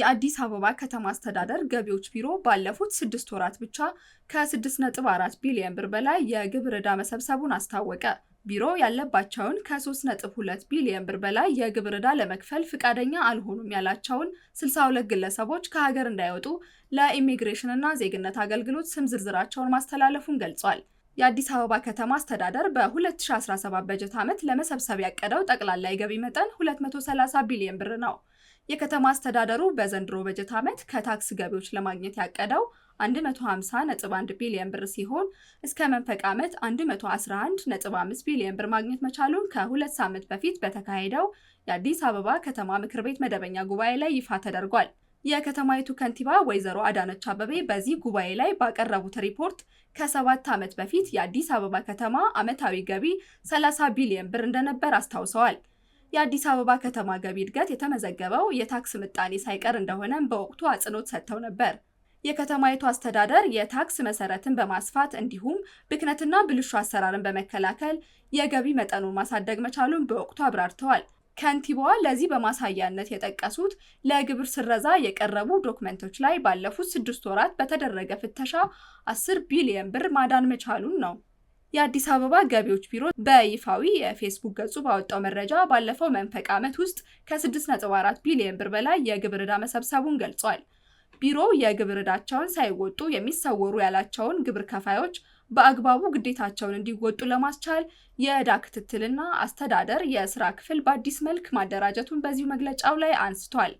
የአዲስ አበባ ከተማ አስተዳደር ገቢዎች ቢሮ ባለፉት ስድስት ወራት ብቻ ከ6.4 ቢሊዮን ብር በላይ የግብር ዕዳ መሰብሰቡን አስታወቀ። ቢሮ ያለባቸውን ከ3.2 ቢሊዮን ብር በላይ የግብር ዕዳ ለመክፈል ፍቃደኛ አልሆኑም ያላቸውን 62 ግለሰቦች ከሀገር እንዳይወጡ ለኢሚግሬሽንና ዜግነት አገልግሎት ስም ዝርዝራቸውን ማስተላለፉን ገልጿል። የአዲስ አበባ ከተማ አስተዳደር በ2017 በጀት ዓመት ለመሰብሰብ ያቀደው ጠቅላላ የገቢ መጠን 230 ቢሊዮን ብር ነው። የከተማ አስተዳደሩ በዘንድሮ በጀት ዓመት ከታክስ ገቢዎች ለማግኘት ያቀደው 150.1 ቢሊዮን ብር ሲሆን እስከ መንፈቅ ዓመት 111.5 ቢሊዮን ብር ማግኘት መቻሉን ከሁለት ሳምንት በፊት በተካሄደው የአዲስ አበባ ከተማ ምክር ቤት መደበኛ ጉባኤ ላይ ይፋ ተደርጓል። የከተማይቱ ከንቲባ ወይዘሮ አዳነች አበቤ በዚህ ጉባኤ ላይ ባቀረቡት ሪፖርት ከሰባት ዓመት በፊት የአዲስ አበባ ከተማ ዓመታዊ ገቢ 30 ቢሊዮን ብር እንደነበር አስታውሰዋል። የአዲስ አበባ ከተማ ገቢ እድገት የተመዘገበው የታክስ ምጣኔ ሳይቀር እንደሆነም በወቅቱ አጽንኦት ሰጥተው ነበር። የከተማይቱ አስተዳደር የታክስ መሰረትን በማስፋት እንዲሁም ብክነትና ብልሹ አሰራርን በመከላከል የገቢ መጠኑን ማሳደግ መቻሉን በወቅቱ አብራርተዋል። ከንቲባዋ ለዚህ በማሳያነት የጠቀሱት ለግብር ስረዛ የቀረቡ ዶክመንቶች ላይ ባለፉት ስድስት ወራት በተደረገ ፍተሻ አስር ቢሊየን ብር ማዳን መቻሉን ነው። የአዲስ አበባ ገቢዎች ቢሮ በይፋዊ የፌስቡክ ገጹ ባወጣው መረጃ ባለፈው መንፈቅ ዓመት ውስጥ ከ6.4 ቢሊዮን ብር በላይ የግብር ዕዳ መሰብሰቡን ገልጿል። ቢሮው የግብር ዕዳቸውን ሳይወጡ የሚሰወሩ ያላቸውን ግብር ከፋዮች በአግባቡ ግዴታቸውን እንዲወጡ ለማስቻል የዕዳ ክትትልና አስተዳደር የስራ ክፍል በአዲስ መልክ ማደራጀቱን በዚሁ መግለጫው ላይ አንስቷል።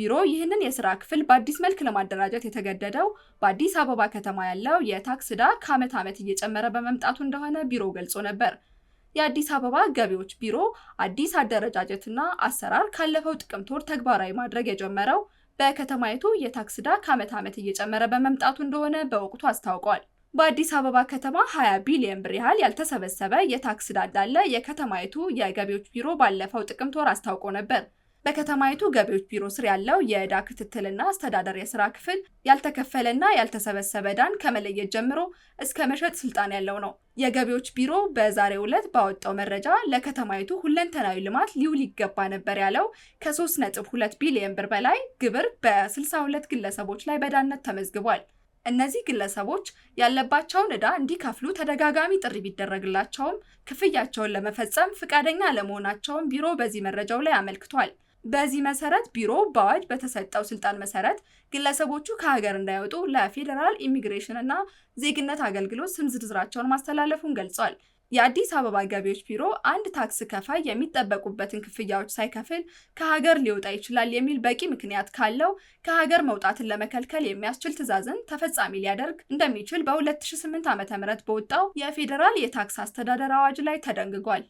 ቢሮ ይህንን የስራ ክፍል በአዲስ መልክ ለማደራጀት የተገደደው በአዲስ አበባ ከተማ ያለው የታክስ ዕዳ ከዓመት ዓመት እየጨመረ በመምጣቱ እንደሆነ ቢሮው ገልጾ ነበር። የአዲስ አበባ ገቢዎች ቢሮ አዲስ አደረጃጀትና አሰራር ካለፈው ጥቅምት ወር ተግባራዊ ማድረግ የጀመረው በከተማይቱ የታክስ ዕዳ ከዓመት ዓመት እየጨመረ በመምጣቱ እንደሆነ በወቅቱ አስታውቋል። በአዲስ አበባ ከተማ 20 ቢሊዮን ብር ያህል ያልተሰበሰበ የታክስ ዕዳ እንዳለ የከተማይቱ የገቢዎች ቢሮ ባለፈው ጥቅምት ወር አስታውቆ ነበር። በከተማይቱ ገቢዎች ቢሮ ስር ያለው የዕዳ ክትትልና አስተዳደር የስራ ክፍል ያልተከፈለና ያልተሰበሰበ ዕዳን ከመለየት ጀምሮ እስከ መሸጥ ስልጣን ያለው ነው። የገቢዎች ቢሮ በዛሬው ዕለት ባወጣው መረጃ ለከተማይቱ ሁለንተናዊ ልማት ሊውል ይገባ ነበር ያለው ከ3.2 ቢሊዮን ብር በላይ ግብር በ62 ግለሰቦች ላይ በዕዳነት ተመዝግቧል። እነዚህ ግለሰቦች ያለባቸውን ዕዳ እንዲከፍሉ ተደጋጋሚ ጥሪ ቢደረግላቸውም ክፍያቸውን ለመፈጸም ፈቃደኛ አለመሆናቸውን ቢሮ በዚህ መረጃው ላይ አመልክቷል። በዚህ መሰረት ቢሮ በአዋጅ በተሰጠው ስልጣን መሰረት ግለሰቦቹ ከሀገር እንዳይወጡ ለፌዴራል ኢሚግሬሽን እና ዜግነት አገልግሎት ስም ዝርዝራቸውን ማስተላለፉን ገልጿል። የአዲስ አበባ ገቢዎች ቢሮ አንድ ታክስ ከፋይ የሚጠበቁበትን ክፍያዎች ሳይከፍል ከሀገር ሊወጣ ይችላል የሚል በቂ ምክንያት ካለው ከሀገር መውጣትን ለመከልከል የሚያስችል ትዕዛዝን ተፈጻሚ ሊያደርግ እንደሚችል በ2008 ዓ.ም በወጣው የፌዴራል የታክስ አስተዳደር አዋጅ ላይ ተደንግጓል።